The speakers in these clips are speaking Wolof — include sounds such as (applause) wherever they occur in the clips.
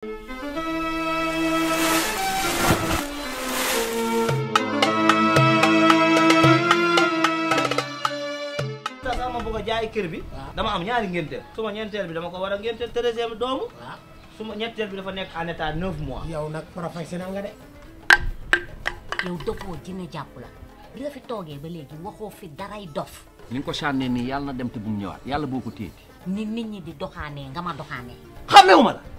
jaay kër bi dama am ñaari ngénteel su ma ñeenteel bi dama ko war a ngénteel treizième doomu su ma bi dafa nekk en état neuf mois yow nag professionnel nga de yow dofoo dina jàpp la bi nga fi toogee ba léegi waxoo fi daray dof ni ko sànnee nii yàlla na dem te bu mu ñëwaat yàlla boo ko téye ni nit ñi di doxaanee nga ma doxaanee xamewu la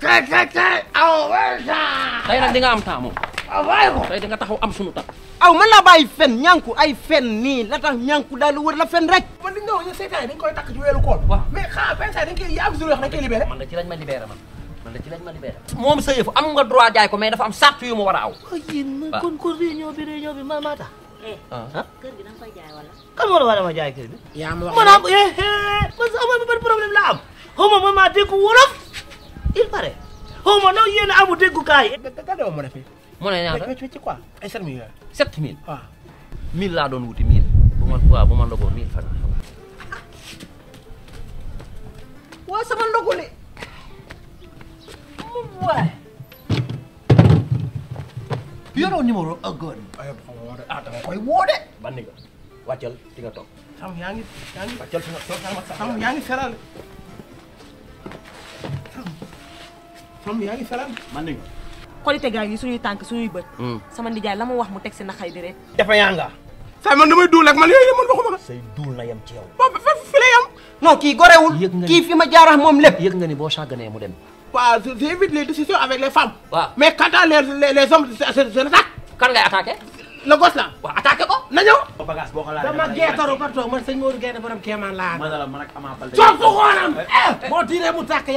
tey tey tey aw wër saa. tey nag di nga am temps moom. aw waaye di nga taxaw am sunu temps. aw man laa bàyyi fen ñànku ay fen nii la tax ñànku daal di wër la fen rek. ma li ñu doon dañ koy takk ci weeru kool. waaw mais xaaral benn saa am sunu ci lañ ma libéré man man da ci lañ ma moom sa am nga droit jaay ko mais dafa am sart yu mu a aw. waaw yéen kon kon réunion bi réunion bi maa maa tax. Eh. Ah. ah kër gi da nga jaay wala. kan war a a ma jaay kër gi. yaa ma wax eh, eh, man am man sama problème la am xaw ma man maa dégg wolof il paraît xaw ma noonu yéen a amul déggukaay. ne fii. mu ne ñaata ci laa doon wuti 1000 bu ma waaw bu ma ndogoo 1000 fan. waa sama ndogu mu waay. yoroo numéro ak góor ñi. aywa woote ah koy woote. ban nga wàccal di nga toog. Sam ngi yaa am yaa ngi felaan man nañu xolite gaa yi suñuy tànk suñuy bët hmm. sama nijaay la ma wax mu teg si naxay di rek dafa yaa nga saay man damay duul ak man yooyu man waxuma say duul na yem ci yow fa fi la yem non fi ma jaarax moom lépp yëg nga ni boo sàgganee mu dem waaw j'évite les décisions avec les femmes waaw mais quant à les les hommes kan ngay attaqué le gos la waaw attaqué ko na ñëw bagage boo ko laajee dama ba toog man sëñ Modou Guèye borom kéemaan laa man la man ak Ama Baldé soo ko xoonam eh, boo tiiree mu tàkk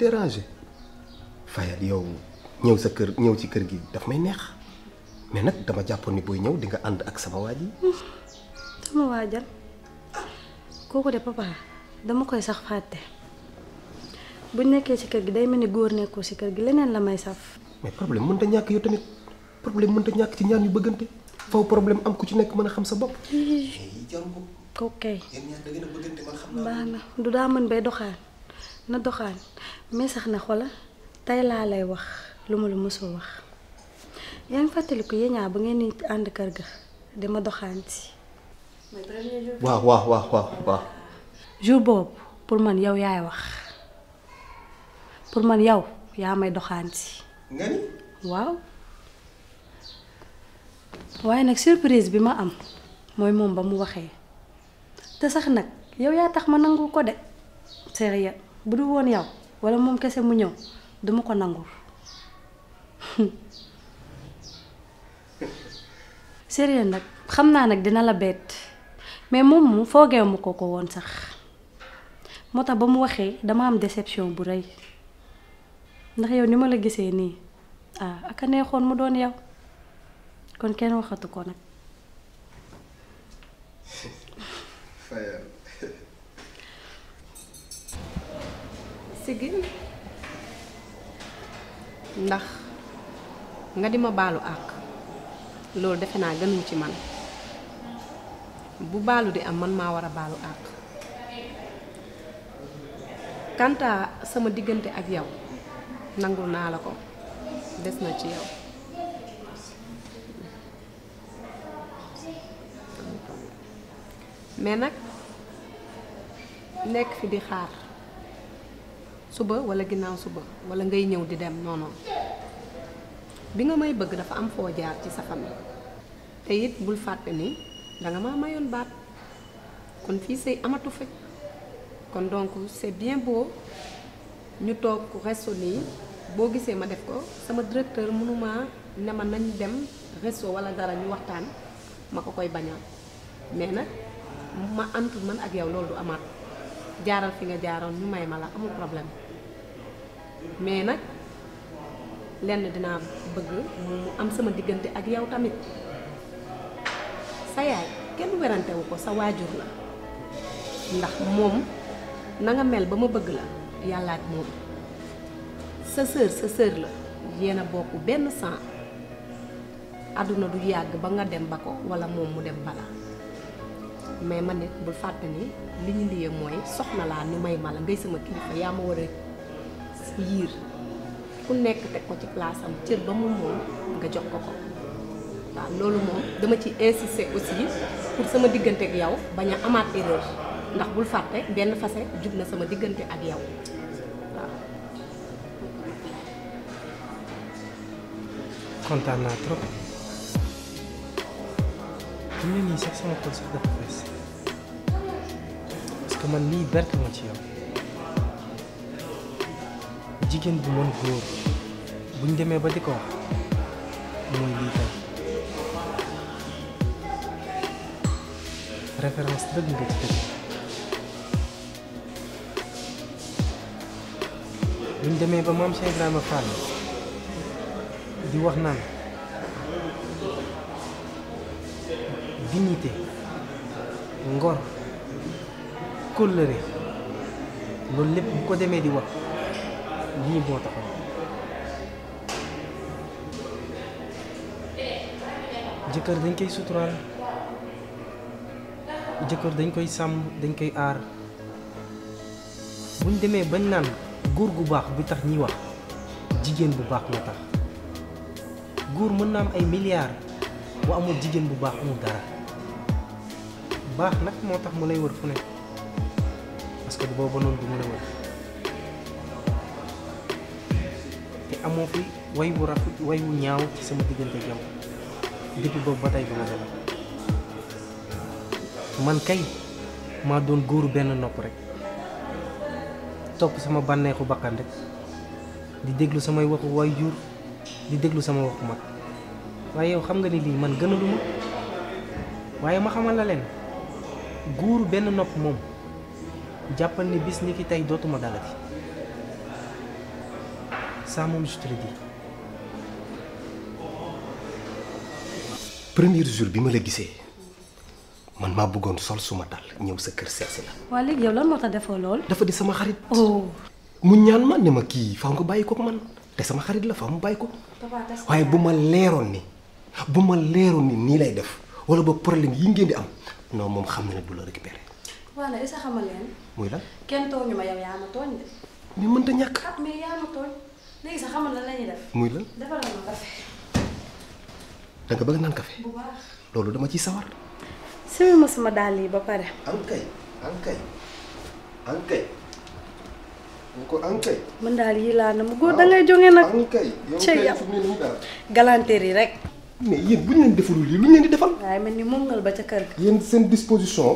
déranger faya yow ñew sa kër ñew ci kër gi daf may neex mais nak dama japponi boy ñew di nga and ak sama waji sama wajal koko de papa dama koy sax faté bu nekkee ci kër gi day mel goor góor ci kër gi leneen la may saf mais problème ta ñak yu tamit problème ta ñak ci ñaan yu bëggante faw problème am ku ci nekk mëna xam sa ñaan da ko kooku kay xam na du da mën bay doxal na doxal mais sax na xoola tey laa lay wax lu ma wax yaa fatali ko yeña ba ngeen ni ànd kër ga dama doxaanti. wa yau wa wa wa jour bob pour man yow yaay wax pour man yow ya may waaw. surprise bi am moy mom ba mu waxe te sax nak yow ya tax ma nangou ko de sérieux bu du woon yow wala moom kese mu ñëw duma ko nangul (laughs) sérieux nag xam naa nag dina la bett mais moom mu foogee mu ko ko woon sax moo tax ba mu waxee dama am déception bu rëy ndax yow ni ma la gisee nii ah aka neexoon mu doon yow kon kenn waxatu ko nag. si génn ndax nga di balu balo ak, defena gënu ci man bu balu di am man ma wara balu ak kanta sama digënté ak yow nangul na la ko des na ci yow mais nak nek fi di xaar suba wala ginnaaw suba wala ngay ñew di dem non non bi nga may bëgg dafa am fo jaar ci sa famille te yit bul fàtte ni da nga ma mayon baat kon fi sey amatu kon donc c'est bien beau ñu ku resto ni bo gisé ma def ko sama directeur mënuma ne ma nañ dem resto wala dara ñu waxtaan mako koy baña mais nak ma antul man ak yow lolou du jaaral fi nga jaaroon ñu may mala problème mais nak lenn dina bëgg mu am sama digënté ak yow tamit sa yaay kenn wu ko sa wajur la ndax mom na nga mel ba ma bëgg la yalla ak mom sa sœur sa sœur la yéen bokku bokk benn sang aduna du yàgg ba nga dem bako wala mom mu dem bala mais man nit bu fatani ni liye moy soxna la ni may mala ngay sama kilifa ya ma wara yir ku nekk teg ko ci place am cër ba mu moom nga jox ko ko waaw loolu moom dama ci insister aussi pour sama diggante ak yow bañ a amaat erreur ndax bul fàtte benn fase jub na sama diggante ak yow waaw kontaan naa trop ñu nii sax sama xol sax dafa fees parce que man lii berte ma ci yow jigéen bu woon góor buñ demee ba di ko wax lii tey référence dëgg nga ci dëgg buñ demee ba maam Cheikh Ibrahima Fall di wax naan dignité ngor kóllëre loolu lépp bu ko demee di wax lii moo taxaw jëkkër dañ koy suturaal jëkkër dañ koy sàmm dañ koy aar buñ demee bañ naan góor gu baax bi tax ñiy wax jigéen bu baax moo tax góor mën na am ay milliards bu amul jigéen bu baax amul dara baax nag moo tax mu lay wër fu ne parce que booba noonu du mu la wër te amoo fi way wu rafet way wu ñaaw ci sama diggante ak yow depuis ba tey bi ma demee man kay maa doon góoru benn nopp rek topp sama bànneexu bakkan rek di déglu samay waxu way jur di déglu sama waxu mag waaye yow xam nga ni lii man gënaluma waaye ma xamal la leen góoru benn nopp moom jàppal ni bis ni ki tey dootuma dalati samen studeer. premier jour bi ma la gisee man ma bëggoon sol suma dal ñew sa kër seesi la. waa léegi yow lan mo ta defoo lool. dafa di sama xarit. oh mu ñaan ma ne ma ki fa nga bayiko ko man té sama xarit la fa mu bayiko waye buma léron ni buma léron ni ni lay def wala ba problème yi ngeen di am non mom xam na du la récupérer. voilà isa xamal muy lan. kenn toñuma yow yaama toñ tooñ ni mën ta ñak ah mais yaama toñ léegi sax xamal lan la ñuy def. muy lan defaral ma café. da nga bëgg naan café. bu baax sama dàll yi ba pare. ankay ankay ankay. mu ko ankay. man daal yii laa na góor da ngay jóge nag. ankay yow ya kay ya. fu mu ne rek. mais yéen lu di defal. waaye nah, mel ni moom ngal ba ca kër ga. yéen seen disposition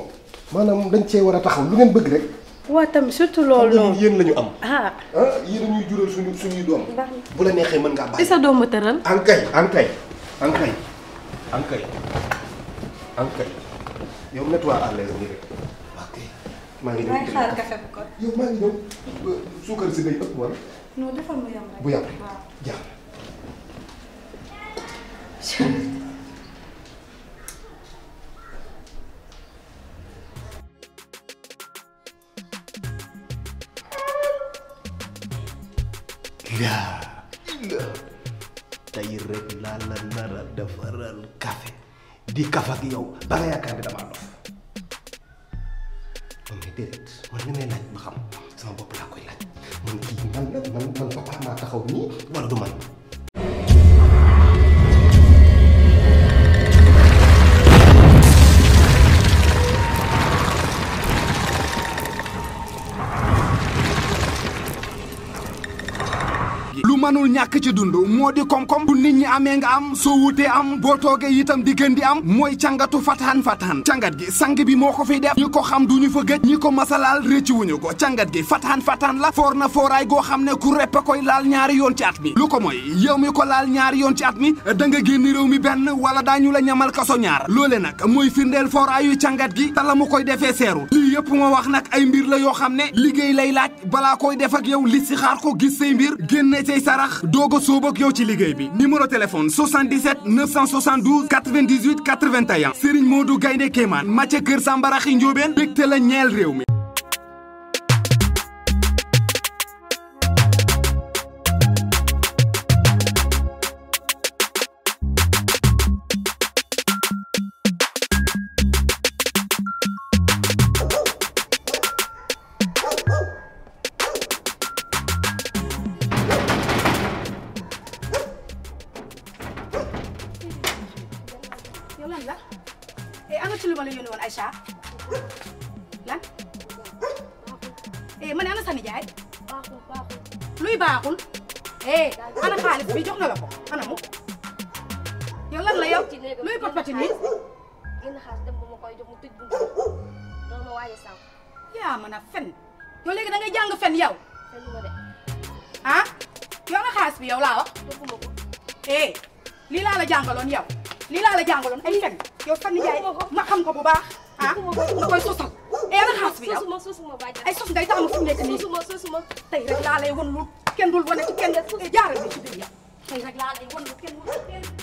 maanaam dañ cee war lu ngeen bëgg waa tamit surtout loolu noonu yéen la ñu am. ah, ah yéen ñuy jural suñu suñuy doom. bu la neexee mën nga ngaa bàyyi. sa doom ma tëral. ankay ankay ankay ankay ankay yow mets-toi à l'aise nii rek euh, suukar si day ëpp wala. non bu yem rek (laughs) yaa tey rek laa la nara defaral café di kaf yow ba nga yaakaar ne damaa dof moom ne déedéet man li may laaj ba xam sama bopp laa koy laaj man kii man man man papa maa taxaw nii wala du man lu mënul ñàkk ci dund moo di koom-koom bu nit ñi amee nga am soo wutee am boo toogee itam di gën di am mooy càngatu fataan fataan cangat gi sang bi moo ko fiy def ñi ko xam duñu fa gëj ñi ko masalaal rëcc wuñu ko càngat gi fataan fataan la foor na fooraay goo xam ne ku repp koy laal ñaari yoon ci at mi lu ko mooy yow mi ko laal ñaari yoon ci at mi da nga génn réew mi benn wala daañu la ñamal kaso ñaar loole nag mooy firndeel fooraayu càngat gi te la koy defee seerul yëpp ma wax nag ay mbir la yoo xam ne liggéey lay laaj balaa koy def ak yow li si xaar ko gis say mbir génne génnee say sarax doog a yow ci liggéey bi numéro téléphone 77 972 98 81 Serigne Modou Gaynde Kéemaan Mathieu Kër Sambaraxi Njóobeen bégte la ñeel réew mi lan la a ana ci lu ma la yónni woon Aïcha lan eh ma ne ana sa nijaay luy baaxul eh ana xaalis bi jox na la ko ana mu mu tëj ma waaye a fen yow léegi da ngay fen yow fenuma de ah yow ana xaalis bi yow laa wax joxuma ko eh lii laa la jàngaloon yow lii laa la jàngaloon ay fen yow ma xam ko bu baax ah nga koy sosal e eh, ana xaas bi yow sosuma sosuma bàjjan ay sos ngay tax ma fu nekk nii sosuma sosuma tey rek laa lay won lu kenn dul wane ci kenn eh, jaaral bi ci biir yow tey rek laa lay won lu kenn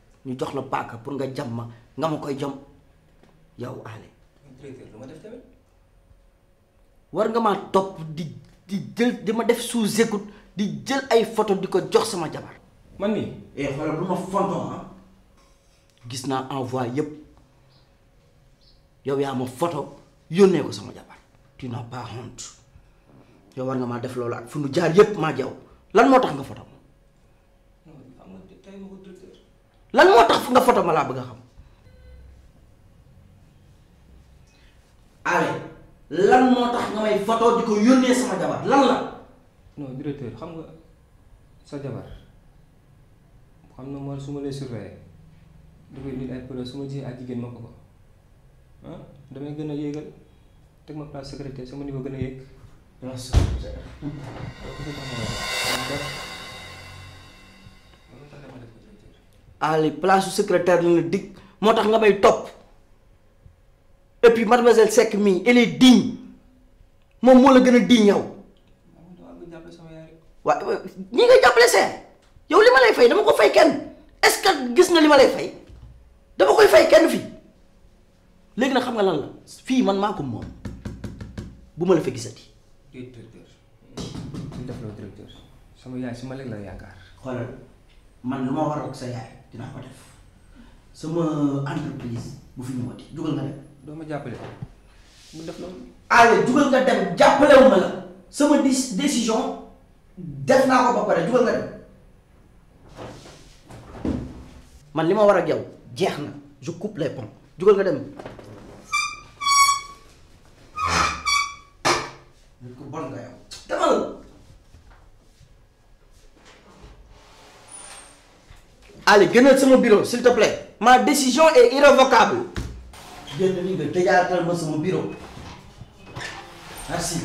ñu jox la paaka pour nga jam ma nga ma koy jam yow Alé ma def tamit war nga maa topp di di jël di ma def sous écoute di jël ay photo di ko jox sama jabar man nii eh xoolal bu ma fonton ah gis naa envoi yépp yow yaa ma photo yónnee ko sama jabar tu n'as pas honte yow war nga maa def loolu ak fu nu jaar yépp maa jaw lan moo tax nga photo lan moo tax nga photo mala bëgg xam ale lan moo tax nga may photo diko ko sama jabar lan la non directeur xam nga sa jabar xam na mo suma ma lay surveiller dafay nit ay pro suma ma ak jigéen mako ko ko ah damay gën a yéegal teg ma place secrétaire sama niveau gëna a yéeg. Merci. Ali place su secrétaire la dig moo tax nga may topp et puis mademoiselle Seck mii elle moom moo la gën a digne yow. waaw ñi nga jàppale seen yow li ma lay fay dama ko fay kenn est gis na li ma lay fay dama koy fay kenn fii léegi nag xam nga lan la fii man maa ko moom bu ma la fa gisati. directeur directeur sama yaay su ma la yaakaar xoolal. man lu ma war ak sa yaay dinaa ko def sama entreprise bu fi ñëwati jugal nga dem. doo ma jàppale mu def loolu. allez jugal nga dem jàppalewu la sama dis décision def naa ko ba pare jugal nga dem man li ma war a yow jeex na je coupe les ponts jugal nga dem. nit ku bon nga yow. Allez, venez sur mon bureau, s'il te plaît. Ma décision est irrévocable. Bienvenue, déjà, mon bureau. Merci.